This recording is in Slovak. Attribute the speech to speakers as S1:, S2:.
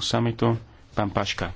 S1: samitu. Pán Paška.